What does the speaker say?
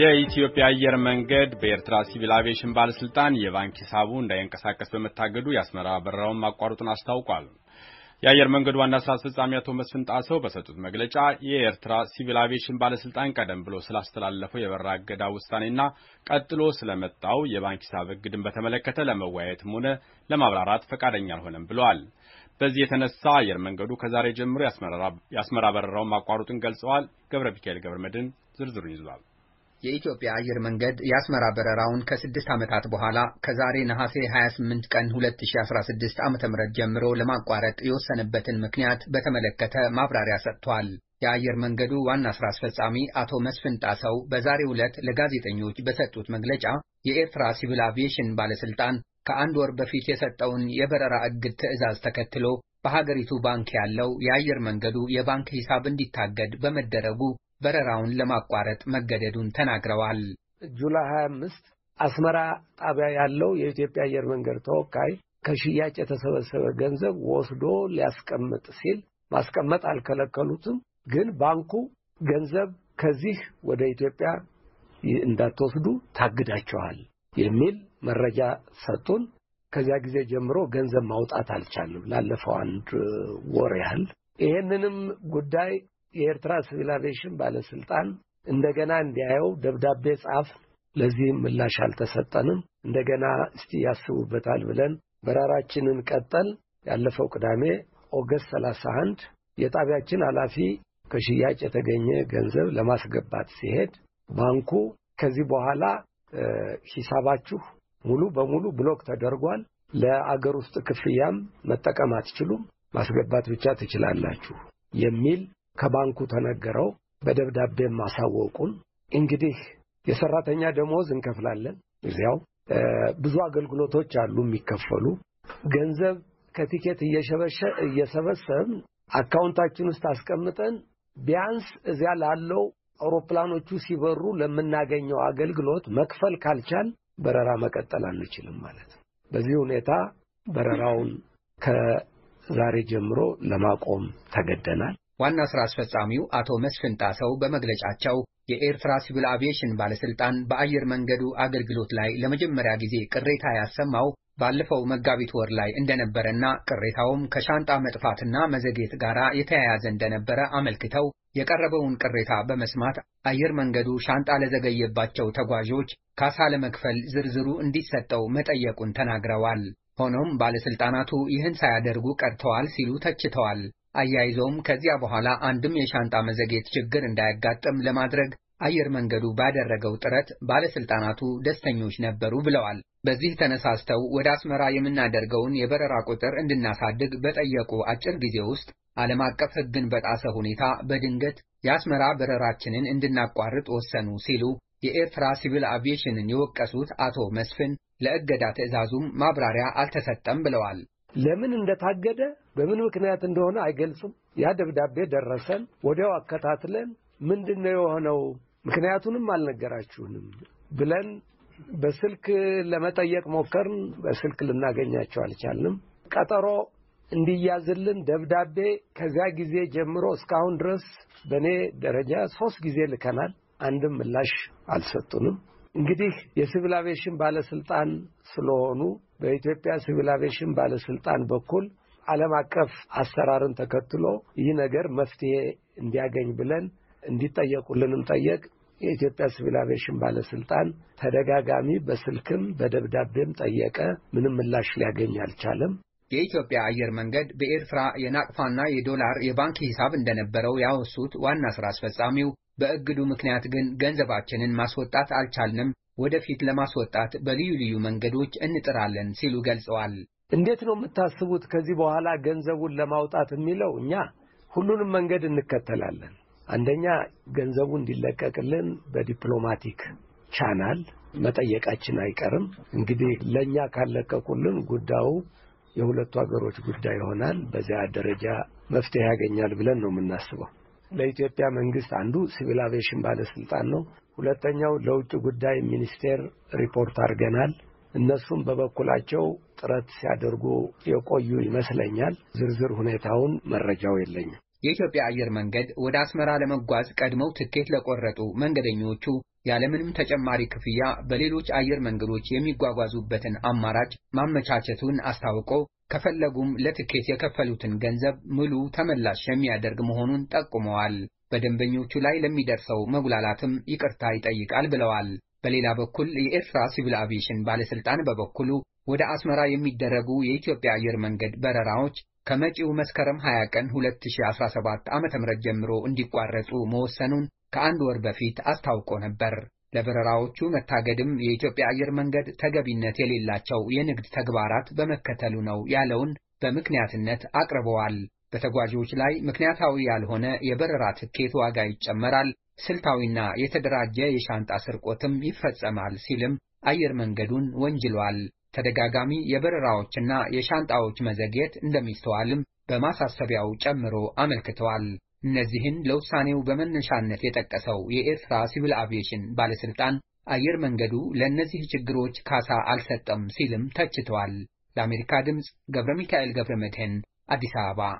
የኢትዮጵያ አየር መንገድ በኤርትራ ሲቪል አቪዬሽን ባለስልጣን የባንክ ሂሳቡ እንዳይንቀሳቀስ በመታገዱ የአስመራ በረራውን ማቋረጡን አስታውቋል። የአየር መንገዱ ዋና ስራ አስፈጻሚ አቶ መስፍን ጣሰው በሰጡት መግለጫ የኤርትራ ሲቪል አቪዬሽን ባለስልጣን ቀደም ብሎ ስላስተላለፈው የበረራ እገዳ ውሳኔና ቀጥሎ ስለመጣው የባንክ ሂሳብ እግድን በተመለከተ ለመወያየትም ሆነ ለማብራራት ፈቃደኛ አልሆነም ብለዋል። በዚህ የተነሳ አየር መንገዱ ከዛሬ ጀምሮ የአስመራ በረራውን ማቋረጡን ገልጸዋል። ገብረ ሚካኤል ገብረ መድን ዝርዝሩን ይዟል። የኢትዮጵያ አየር መንገድ የአስመራ በረራውን ከስድስት ዓመታት በኋላ ከዛሬ ነሐሴ 28 ቀን 2016 ዓ ም ጀምሮ ለማቋረጥ የወሰነበትን ምክንያት በተመለከተ ማብራሪያ ሰጥቷል። የአየር መንገዱ ዋና ሥራ አስፈጻሚ አቶ መስፍን ጣሰው በዛሬው ዕለት ለጋዜጠኞች በሰጡት መግለጫ የኤርትራ ሲቪል አቪዬሽን ባለሥልጣን ከአንድ ወር በፊት የሰጠውን የበረራ እግድ ትዕዛዝ ተከትሎ በሀገሪቱ ባንክ ያለው የአየር መንገዱ የባንክ ሂሳብ እንዲታገድ በመደረጉ በረራውን ለማቋረጥ መገደዱን ተናግረዋል። ጁላይ 25 አስመራ ጣቢያ ያለው የኢትዮጵያ አየር መንገድ ተወካይ ከሽያጭ የተሰበሰበ ገንዘብ ወስዶ ሊያስቀምጥ ሲል ማስቀመጥ አልከለከሉትም። ግን ባንኩ ገንዘብ ከዚህ ወደ ኢትዮጵያ እንዳትወስዱ ታግዳቸዋል የሚል መረጃ ሰጡን። ከዚያ ጊዜ ጀምሮ ገንዘብ ማውጣት አልቻልም ላለፈው አንድ ወር ያህል። ይህንንም ጉዳይ የኤርትራ ሲቪላይዜሽን ባለስልጣን እንደገና እንዲያየው ደብዳቤ ጻፍ። ለዚህም ምላሽ አልተሰጠንም። እንደገና እስቲ ያስቡበታል ብለን በራራችንን ቀጠል። ያለፈው ቅዳሜ ኦገስት 31 የጣቢያችን ኃላፊ ከሽያጭ የተገኘ ገንዘብ ለማስገባት ሲሄድ ባንኩ ከዚህ በኋላ ሂሳባችሁ ሙሉ በሙሉ ብሎክ ተደርጓል። ለአገር ውስጥ ክፍያም መጠቀም አትችሉም፣ ማስገባት ብቻ ትችላላችሁ የሚል ከባንኩ ተነገረው። በደብዳቤም ማሳወቁን እንግዲህ የሰራተኛ ደሞዝ እንከፍላለን። እዚያው ብዙ አገልግሎቶች አሉ የሚከፈሉ ገንዘብ ከቲኬት እየሸበሸ እየሰበሰብ አካውንታችን ውስጥ አስቀምጠን ቢያንስ እዚያ ላለው አውሮፕላኖቹ ሲበሩ ለምናገኘው አገልግሎት መክፈል ካልቻል በረራ መቀጠል አንችልም ማለት ነው። በዚህ ሁኔታ በረራውን ከዛሬ ጀምሮ ለማቆም ተገደናል። ዋና ስራ አስፈጻሚው አቶ መስፍን ጣሰው በመግለጫቸው የኤርትራ ሲቪል አቪዬሽን ባለስልጣን በአየር መንገዱ አገልግሎት ላይ ለመጀመሪያ ጊዜ ቅሬታ ያሰማው ባለፈው መጋቢት ወር ላይ እንደነበረና ቅሬታውም ከሻንጣ መጥፋትና መዘግየት ጋር የተያያዘ እንደነበረ አመልክተው የቀረበውን ቅሬታ በመስማት አየር መንገዱ ሻንጣ ለዘገየባቸው ተጓዦች ካሳ ለመክፈል ዝርዝሩ እንዲሰጠው መጠየቁን ተናግረዋል። ሆኖም ባለስልጣናቱ ይህን ሳያደርጉ ቀርተዋል ሲሉ ተችተዋል። አያይዘውም ከዚያ በኋላ አንድም የሻንጣ መዘግየት ችግር እንዳያጋጥም ለማድረግ አየር መንገዱ ባደረገው ጥረት ባለስልጣናቱ ደስተኞች ነበሩ ብለዋል። በዚህ ተነሳስተው ወደ አስመራ የምናደርገውን የበረራ ቁጥር እንድናሳድግ በጠየቁ አጭር ጊዜ ውስጥ ዓለም አቀፍ ሕግን በጣሰ ሁኔታ በድንገት የአስመራ በረራችንን እንድናቋርጥ ወሰኑ ሲሉ የኤርትራ ሲቪል አቪዬሽንን የወቀሱት አቶ መስፍን ለእገዳ ትዕዛዙም ማብራሪያ አልተሰጠም ብለዋል። ለምን እንደታገደ በምን ምክንያት እንደሆነ አይገልጹም። ያ ደብዳቤ ደረሰን። ወዲያው አከታትለን ምንድን ነው የሆነው ምክንያቱንም አልነገራችሁንም ብለን በስልክ ለመጠየቅ ሞከርን። በስልክ ልናገኛቸው አልቻልንም። ቀጠሮ እንዲያዝልን ደብዳቤ ከዚያ ጊዜ ጀምሮ እስካሁን ድረስ በእኔ ደረጃ ሶስት ጊዜ ልከናል። አንድም ምላሽ አልሰጡንም። እንግዲህ የሲቪል አቬሽን ባለስልጣን ስለሆኑ በኢትዮጵያ ሲቪል አቬሽን ባለስልጣን በኩል ዓለም አቀፍ አሰራርን ተከትሎ ይህ ነገር መፍትሄ እንዲያገኝ ብለን እንዲጠየቁልንም ጠየቅ። የኢትዮጵያ ሲቪል አቪዬሽን ባለስልጣን ተደጋጋሚ በስልክም በደብዳቤም ጠየቀ። ምንም ምላሽ ሊያገኝ አልቻለም። የኢትዮጵያ አየር መንገድ በኤርትራ የናቅፋና የዶላር የባንክ ሂሳብ እንደነበረው ያወሱት ዋና ሥራ አስፈጻሚው በእግዱ ምክንያት ግን ገንዘባችንን ማስወጣት አልቻልንም፣ ወደፊት ለማስወጣት በልዩ ልዩ መንገዶች እንጥራለን ሲሉ ገልጸዋል። እንዴት ነው የምታስቡት? ከዚህ በኋላ ገንዘቡን ለማውጣት የሚለው እኛ ሁሉንም መንገድ እንከተላለን። አንደኛ ገንዘቡ እንዲለቀቅልን በዲፕሎማቲክ ቻናል መጠየቃችን አይቀርም። እንግዲህ ለእኛ ካለቀቁልን ጉዳዩ የሁለቱ ሀገሮች ጉዳይ ይሆናል። በዚያ ደረጃ መፍትሄ ያገኛል ብለን ነው የምናስበው። ለኢትዮጵያ መንግስት አንዱ ሲቪል አቬሽን ባለስልጣን ነው። ሁለተኛው ለውጭ ጉዳይ ሚኒስቴር ሪፖርት አድርገናል። እነሱም በበኩላቸው ጥረት ሲያደርጉ የቆዩ ይመስለኛል። ዝርዝር ሁኔታውን መረጃው የለኝም። የኢትዮጵያ አየር መንገድ ወደ አስመራ ለመጓዝ ቀድመው ትኬት ለቆረጡ መንገደኞቹ ያለምንም ተጨማሪ ክፍያ በሌሎች አየር መንገዶች የሚጓጓዙበትን አማራጭ ማመቻቸቱን አስታውቆ ከፈለጉም ለትኬት የከፈሉትን ገንዘብ ሙሉ ተመላሽ የሚያደርግ መሆኑን ጠቁመዋል። በደንበኞቹ ላይ ለሚደርሰው መጉላላትም ይቅርታ ይጠይቃል ብለዋል። በሌላ በኩል የኤርትራ ሲቪል አቪዬሽን ባለስልጣን በበኩሉ ወደ አስመራ የሚደረጉ የኢትዮጵያ አየር መንገድ በረራዎች ከመጪው መስከረም 20 ቀን 2017 ዓ.ም ጀምሮ እንዲቋረጡ መወሰኑን ከአንድ ወር በፊት አስታውቆ ነበር። ለበረራዎቹ መታገድም የኢትዮጵያ አየር መንገድ ተገቢነት የሌላቸው የንግድ ተግባራት በመከተሉ ነው ያለውን በምክንያትነት አቅርበዋል። በተጓዦች ላይ ምክንያታዊ ያልሆነ የበረራ ትኬት ዋጋ ይጨመራል፣ ስልታዊና የተደራጀ የሻንጣ ስርቆትም ይፈጸማል ሲልም አየር መንገዱን ወንጅሏል። ተደጋጋሚ የበረራዎችና የሻንጣዎች መዘግየት እንደሚስተዋልም በማሳሰቢያው ጨምሮ አመልክተዋል። እነዚህን ለውሳኔው በመነሻነት የጠቀሰው የኤርትራ ሲቪል አቪዬሽን ባለስልጣን አየር መንገዱ ለእነዚህ ችግሮች ካሳ አልሰጠም ሲልም ተችተዋል። ለአሜሪካ ድምፅ ገብረ ሚካኤል ገብረ መድህን አዲስ አበባ